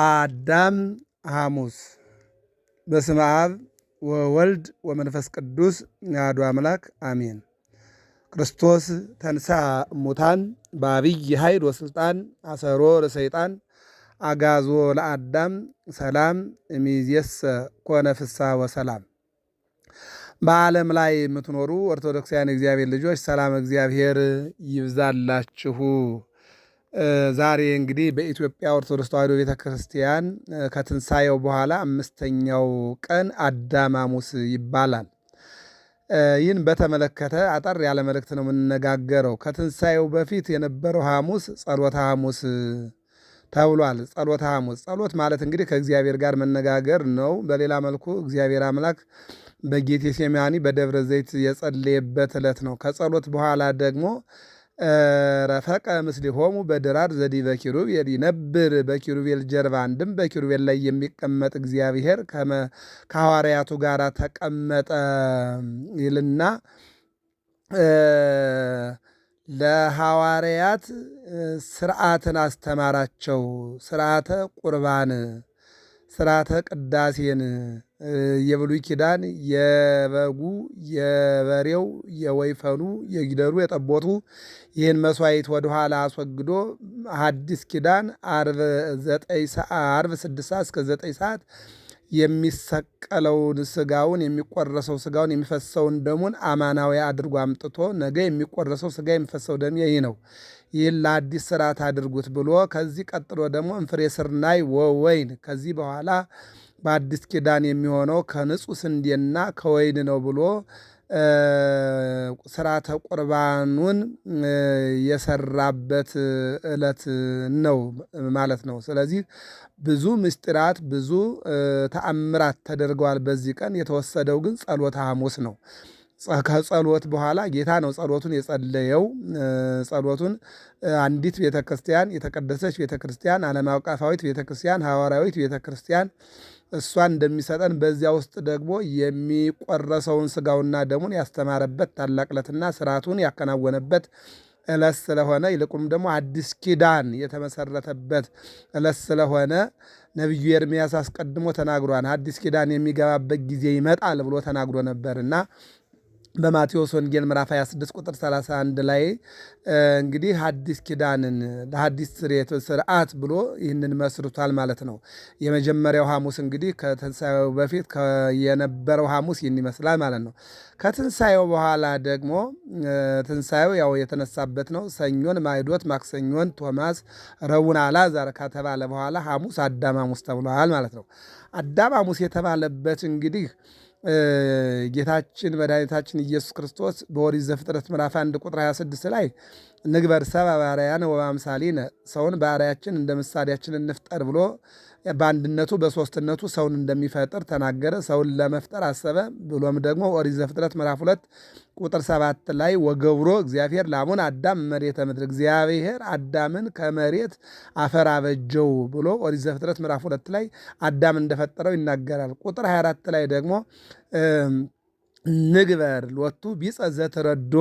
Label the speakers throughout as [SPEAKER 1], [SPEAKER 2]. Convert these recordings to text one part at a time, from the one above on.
[SPEAKER 1] አዳም ሐሙስ በስመ አብ ወወልድ ወመንፈስ ቅዱስ አሐዱ አምላክ አሜን። ክርስቶስ ተንሥአ እሙታን በአብይ ኃይል ወሥልጣን አሰሮ ለሰይጣን አጋዞ ለአዳም ሰላም እምይእዜሰ ኮነ ፍስሐ ወሰላም። በዓለም ላይ የምትኖሩ ኦርቶዶክሳውያን እግዚአብሔር ልጆች ሰላም እግዚአብሔር ይብዛላችሁ። ዛሬ እንግዲህ በኢትዮጵያ ኦርቶዶክስ ተዋሕዶ ቤተ ክርስቲያን ከትንሣኤው በኋላ አምስተኛው ቀን አዳማሙስ ይባላል። ይህን በተመለከተ አጠር ያለ መልእክት ነው የምንነጋገረው። ከትንሣኤው በፊት የነበረው ሐሙስ ጸሎተ ሐሙስ ተብሏል። ጸሎተ ሐሙስ ጸሎት ማለት እንግዲህ ከእግዚአብሔር ጋር መነጋገር ነው። በሌላ መልኩ እግዚአብሔር አምላክ በጌቴ ሴማኒ በደብረ ዘይት የጸለየበት ዕለት ነው። ከጸሎት በኋላ ደግሞ ረፈቀ ምስሊሆሙ በድራር ዘዲበ ኪሩቤል ይነብር በኪሩቤል ጀርባ አንድም በኪሩቤል ላይ የሚቀመጥ እግዚአብሔር ከሐዋርያቱ ጋር ተቀመጠ ይልና ለሐዋርያት ስርዓትን አስተማራቸው። ስርዓተ ቁርባን፣ ስርዓተ ቅዳሴን የብሉይ ኪዳን የበጉ የበሬው የወይፈኑ የጊደሩ የጠቦቱ ይህን መስዋዕት ወደኋላ አስወግዶ አዲስ ኪዳን አርብ ስድስት ሰዓት እስከ ዘጠኝ ሰዓት የሚሰቀለውን ስጋውን የሚቆረሰው ስጋውን የሚፈሰውን ደሙን አማናዊ አድርጎ አምጥቶ ነገ የሚቆረሰው ስጋ የሚፈሰው ደም ይህ ነው፣ ይህን ለአዲስ ስርዓት አድርጉት ብሎ ከዚህ ቀጥሎ ደግሞ እንፍሬ ስርናይ ወወይን ከዚህ በኋላ በአዲስ ኪዳን የሚሆነው ከንጹህ ስንዴና ከወይን ነው ብሎ ስርዓተ ቁርባኑን የሰራበት ዕለት ነው ማለት ነው። ስለዚህ ብዙ ምስጢራት፣ ብዙ ተአምራት ተደርገዋል በዚህ ቀን። የተወሰደው ግን ጸሎተ ሐሙስ ነው። ከጸሎት በኋላ ጌታ ነው ጸሎቱን የጸለየው። ጸሎቱን አንዲት ቤተ ክርስቲያን የተቀደሰች ቤተ ክርስቲያን፣ ዓለም አቀፋዊት ቤተ ክርስቲያን፣ ሐዋርያዊት ቤተ ክርስቲያን እሷ እንደሚሰጠን በዚያ ውስጥ ደግሞ የሚቆረሰውን ስጋውና ደሙን ያስተማረበት ታላቅ ዕለትና ስርዓቱን ያከናወነበት ዕለት ስለሆነ ይልቁም ደግሞ አዲስ ኪዳን የተመሰረተበት ዕለት ስለሆነ ነቢዩ ኤርምያስ አስቀድሞ ተናግሯን አዲስ ኪዳን የሚገባበት ጊዜ ይመጣል ብሎ ተናግሮ ነበርና በማቴዎስ ወንጌል ምዕራፍ 26 ቁጥር 31 ላይ እንግዲህ ሀዲስ ኪዳንን ለሐዲስ ስርዓት ብሎ ይህንን መስርቷል ማለት ነው። የመጀመሪያው ሐሙስ እንግዲህ ከትንሣኤው በፊት የነበረው ሐሙስ ይህን ይመስላል ማለት ነው። ከትንሣኤው በኋላ ደግሞ ትንሣኤው ያው የተነሳበት ነው። ሰኞን ማይዶት፣ ማክሰኞን ቶማስ፣ ረቡን አላዛር ከተባለ በኋላ ሐሙስ አዳም ሐሙስ ተብሏል ማለት ነው። አዳም ሐሙስ የተባለበት እንግዲህ ጌታችን መድኃኒታችን ኢየሱስ ክርስቶስ በኦሪት ዘፍጥረት ምዕራፍ 1 ቁጥር 26 ላይ ንግበር ሰብአ በአርአያነ ወበአምሳሊነ ሰውን በአርአያችን እንደ ምሳሌያችን እንፍጠር ብሎ በአንድነቱ በሶስትነቱ ሰውን እንደሚፈጥር ተናገረ። ሰውን ለመፍጠር አሰበ። ብሎም ደግሞ ኦሪት ዘፍጥረት ምዕራፍ ሁለት ቁጥር ሰባት ላይ ወገብሮ እግዚአብሔር ላሙን አዳም መሬተ ምድር እግዚአብሔር አዳምን ከመሬት አፈር አበጀው ብሎ ኦሪት ዘፍጥረት ምዕራፍ ሁለት ላይ አዳም እንደፈጠረው ይናገራል። ቁጥር 24 ላይ ደግሞ ንግበር ሎቱ ቢጸ ዘተረዶ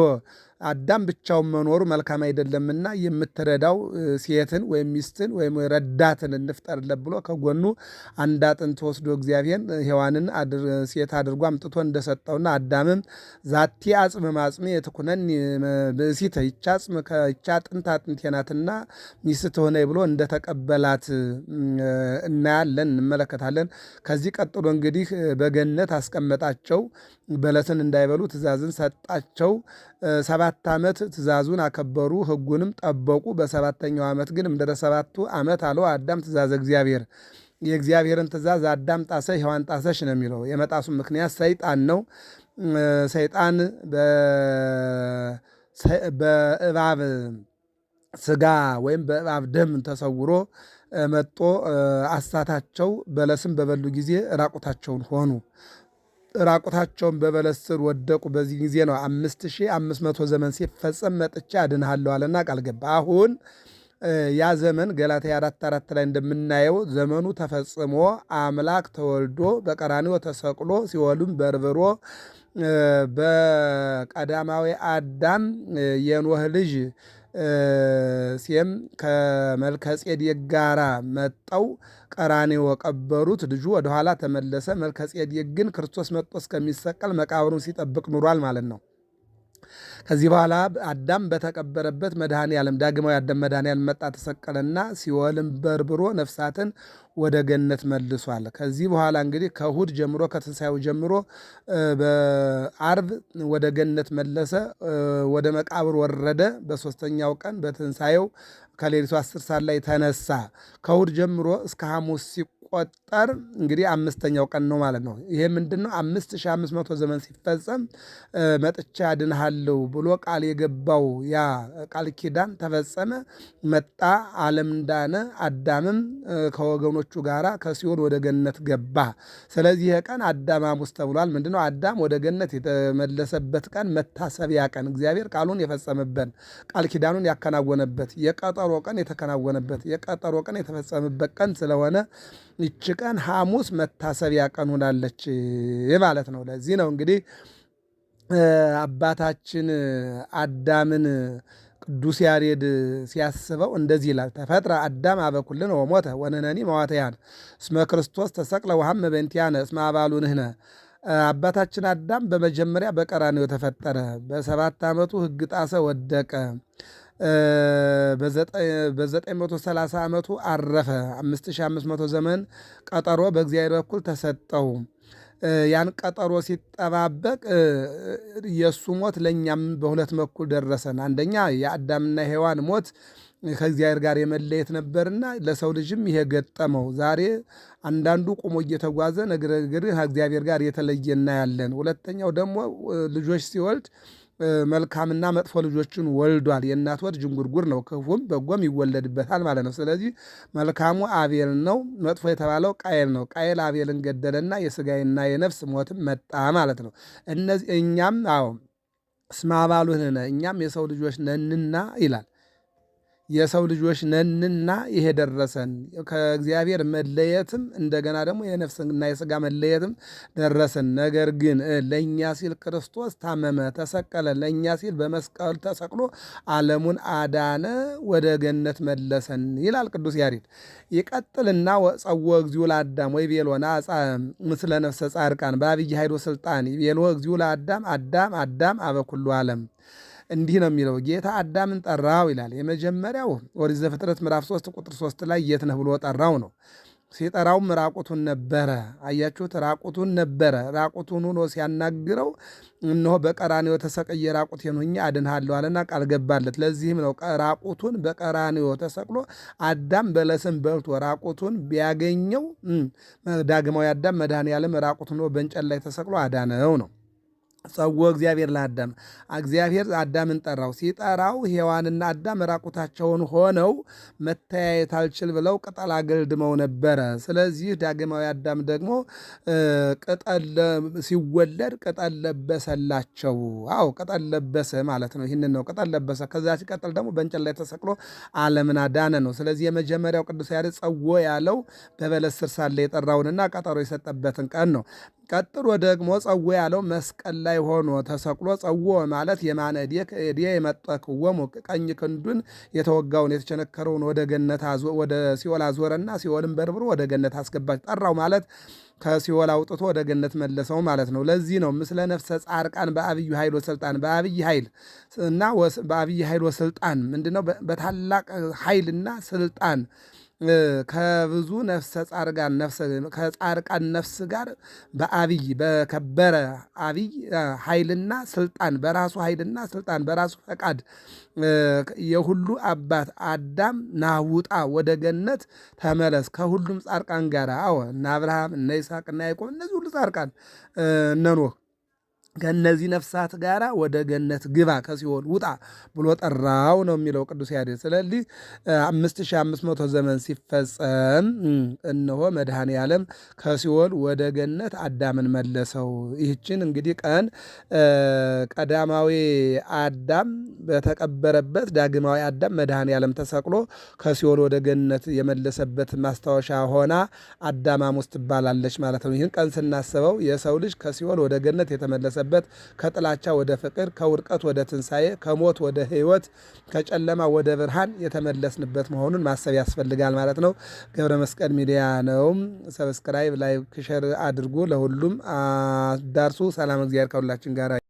[SPEAKER 1] አዳም ብቻውን መኖሩ መልካም አይደለምና የምትረዳው ሴትን ወይም ሚስትን ወይም ረዳትን እንፍጠርለት ብሎ ከጎኑ አንድ አጥንት ወስዶ እግዚአብሔር ሔዋንን ሴት አድርጎ አምጥቶ እንደሰጠውና አዳምም ዛቲ አጽም ማጽም የትኩነን ብእሲተ ይቻ አጽም ከይቻ አጥንት አጥንቴ ናትና ሚስት ሆነ ብሎ እንደተቀበላት እናያለን፣ እንመለከታለን። ከዚህ ቀጥሎ እንግዲህ በገነት አስቀመጣቸው፣ በለስን እንዳይበሉ ትእዛዝን ሰጣቸው። ሰባ አራት ዓመት ትእዛዙን አከበሩ፣ ሕጉንም ጠበቁ። በሰባተኛው ዓመት ግን እምድኅረ ሰባቱ ዓመት አለው አዳም ትእዛዘ እግዚአብሔር የእግዚአብሔርን ትእዛዝ አዳም ጣሰ፣ ሔዋን ጣሰሽ ነው የሚለው። የመጣሱ ምክንያት ሰይጣን ነው። ሰይጣን በእባብ ስጋ ወይም በእባብ ደም ተሰውሮ መጦ አሳታቸው። በለስም በበሉ ጊዜ ራቁታቸውን ሆኑ። ራቁታቸውን በበለስ ስር ወደቁ። በዚህ ጊዜ ነው አምስት ሺህ አምስት መቶ ዘመን ሲፈጸም መጥቼ አድንሃለሁ አለና ቃል ገባ። አሁን ያ ዘመን ገላትያ አራት አራት ላይ እንደምናየው ዘመኑ ተፈጽሞ አምላክ ተወልዶ በቀራንዮ ተሰቅሎ ሲወሉም በርብሮ በቀዳማዊ አዳም የኖህ ልጅ ሴም ከመልከ ጼዴቅ ጋራ መጠው ቀራኔ ወቀበሩት። ልጁ ወደኋላ ተመለሰ። መልከ ጼዴቅ ግን ክርስቶስ መጥቶ እስከሚሰቀል መቃብሩን ሲጠብቅ ኑሯል ማለት ነው። ከዚህ በኋላ አዳም በተቀበረበት መድኃኔ ዓለም ዳግማዊ አዳም መድኃኔ ዓለም መጣ፣ ተሰቀለና ሲወልም በርብሮ ነፍሳትን ወደ ገነት መልሷል። ከዚህ በኋላ እንግዲህ ከእሁድ ጀምሮ ከትንሣኤው ጀምሮ በአርብ ወደ ገነት መለሰ፣ ወደ መቃብር ወረደ። በሶስተኛው ቀን በትንሣኤው ከሌሊቱ አስር ሰዓት ላይ ተነሳ። ከእሁድ ጀምሮ እስከ ሐሙስ ሲቆጠር እንግዲህ አምስተኛው ቀን ነው ማለት ነው። ይሄ ምንድን ነው? አምስት ሺህ አምስት መቶ ዘመን ሲፈጸም መጥቻ አድንሃለሁ ብሎ ቃል የገባው ያ ቃል ኪዳን ተፈጸመ። መጣ፣ ዓለም ዳነ። አዳምም ከወገኖቹ ጋር ከሲኦል ወደ ገነት ገባ። ስለዚህ ቀን አዳም ሐሙስ ተብሏል። ምንድን ነው? አዳም ወደ ገነት የተመለሰበት ቀን መታሰቢያ ቀን እግዚአብሔር ቃሉን የፈጸመበት ቃል ኪዳኑን ያከናወነበት የቀጠሮ ቀን የተከናወነበት የቀጠሮ ቀን የተፈጸመበት ቀን ስለሆነ ይቺ ቀን ሐሙስ መታሰቢያ ቀን ሆናለች ማለት ነው። ለዚህ ነው እንግዲህ አባታችን አዳምን ቅዱስ ያሬድ ሲያስበው እንደዚህ ይላል። ተፈጥረ አዳም አበኩልን ወሞተ ወነነኒ መዋተያን እስመ ክርስቶስ ተሰቅለ ውሃም በንቲያነ እስመ አባሉ ንህነ አባታችን አዳም በመጀመሪያ በቀራንዮ ተፈጠረ። በሰባት ዓመቱ ሕግ ጣሰ፣ ወደቀ በ930 ዓመቱ አረፈ። 5500 ዘመን ቀጠሮ በእግዚአብሔር በኩል ተሰጠው። ያን ቀጠሮ ሲጠባበቅ የእሱ ሞት ለእኛም በሁለት በኩል ደረሰን። አንደኛ የአዳምና ሔዋን ሞት ከእግዚአብሔር ጋር የመለየት ነበርና ለሰው ልጅም ይሄ ገጠመው። ዛሬ አንዳንዱ ቁሞ እየተጓዘ ነገር ግን ከእግዚአብሔር ጋር የተለየ እናያለን። ሁለተኛው ደግሞ ልጆች ሲወልድ መልካምና መጥፎ ልጆችን ወልዷል። የእናት ወድ ዥንጉርጉር ነው፣ ክፉም በጎም ይወለድበታል ማለት ነው። ስለዚህ መልካሙ አቤል ነው፣ መጥፎ የተባለው ቃየል ነው። ቃየል አቤልን ገደለና የስጋይና የነፍስ ሞትም መጣ ማለት ነው። እነዚህ እኛም አዎ እስማባሉህነ እኛም የሰው ልጆች ነንና ይላል የሰው ልጆች ነንና ይሄ ደረሰን። ከእግዚአብሔር መለየትም እንደገና ደግሞ የነፍስና የስጋ መለየትም ደረሰን። ነገር ግን ለእኛ ሲል ክርስቶስ ታመመ፣ ተሰቀለ። ለእኛ ሲል በመስቀል ተሰቅሎ ዓለሙን አዳነ፣ ወደ ገነት መለሰን ይላል ቅዱስ ያሬድ። ይቀጥልና ጸወ እግዚኡ ለአዳም ወይ ቤሎ ምስለ ነፍሰ ጻድቃን በአብይ ኃይሎ ስልጣን ቤሎ እግዚኡ ለአዳም አዳም አዳም አበኩሉ ዓለም እንዲህ ነው የሚለው ጌታ አዳምን ጠራው ይላል። የመጀመሪያው ኦሪት ዘፍጥረት ምዕራፍ 3 ቁጥር 3 ላይ የት ነህ ብሎ ጠራው ነው። ሲጠራውም ራቁቱን ነበረ። አያችሁት? ራቁቱን ነበረ። ራቁቱን ሆኖ ሲያናግረው እነሆ በቀራንዮ ተሰቀየ ራቁቴን ሆኜ አድንሃለሁ አለና ቃል ገባለት። ለዚህም ነው ራቁቱን በቀራንዮ ተሰቅሎ አዳም በለስን በልቶ ራቁቱን ቢያገኘው ዳግማዊ አዳም መድኃኔ ዓለም ራቁቱን በእንጨት ላይ ተሰቅሎ አዳነው ነው። ጸወ እግዚአብሔር ለአዳም እግዚአብሔር አዳምን ጠራው። ሲጠራው ሔዋንና አዳም ራቁታቸውን ሆነው መተያየት አልችል ብለው ቅጠል አገልድመው ነበረ። ስለዚህ ዳግማዊ አዳም ደግሞ ቅጠል ሲወለድ ቅጠል ለበሰላቸው። አዎ ቅጠል ለበሰ ማለት ነው። ይህንን ነው ቅጠል ለበሰ። ከዛ ሲቀጥል ደግሞ በእንጨት ላይ ተሰቅሎ ዓለምን አዳነ ነው። ስለዚህ የመጀመሪያው ቅዱስ ያሬድ ጸወ ያለው በበለስ ስር ሳለ የጠራውንና ቀጠሮ የሰጠበትን ቀን ነው። ቀጥሎ ደግሞ ጸዎ ያለው መስቀል ላይ ሆኖ ተሰቅሎ ጸዎ ማለት የማነ ዴ ሞቅ ቀኝ ክንዱን የተወጋውን የተቸነከረውን ወደ ገነት ወደ ሲኦል አዞረና ሲኦልን በርብሮ ወደ ገነት አስገባች። ጠራው ማለት ከሲኦል አውጥቶ ወደ ገነት መለሰው ማለት ነው። ለዚህ ነው ምስለ ነፍሰ ጻርቃን በአብዩ ኃይል ወስልጣን በአብይ ኃይል እና በአብይ ኃይል ወስልጣን ምንድነው? በታላቅ ኃይልና ስልጣን ከብዙ ነፍሰ ጻርቃን ነፍስ ከጻርቃን ነፍስ ጋር በአብይ በከበረ አብይ ኃይልና ስልጣን በራሱ ኃይልና ስልጣን በራሱ ፈቃድ የሁሉ አባት አዳም ናውጣ ወደ ገነት ተመለስ ከሁሉም ጻርቃን ጋር አዎ እነ አብርሃም እነ ይስሐቅ እነ ያዕቆብ እነዚህ ሁሉ ጻርቃን እነ ኖህ ከእነዚህ ነፍሳት ጋር ወደ ገነት ግባ ከሲኦል ውጣ ብሎ ጠራው ነው የሚለው ቅዱስ ያሬድ። ስለዚህ 5500 ዘመን ሲፈጸም እነሆ መድኃኔ ዓለም ከሲኦል ወደ ገነት አዳምን መለሰው። ይህችን እንግዲህ ቀን ቀዳማዊ አዳም በተቀበረበት ዳግማዊ አዳም መድኃኔ ዓለም ተሰቅሎ ከሲኦል ወደ ገነት የመለሰበት ማስታወሻ ሆና አዳማሙስ ትባላለች ማለት ነው። ይህን ቀን ስናስበው የሰው ልጅ ከሲኦል ወደ ገነት የተመለሰ የደረሰበት ከጥላቻ ወደ ፍቅር፣ ከውድቀት ወደ ትንሣኤ፣ ከሞት ወደ ህይወት ከጨለማ ወደ ብርሃን የተመለስንበት መሆኑን ማሰብ ያስፈልጋል ማለት ነው። ገብረ መስቀል ሚዲያ ነው። ሰብስክራይብ፣ ላይክ፣ ሸር አድርጉ። ለሁሉም አዳርሱ። ሰላም፣ እግዚአብሔር ከሁላችን ጋር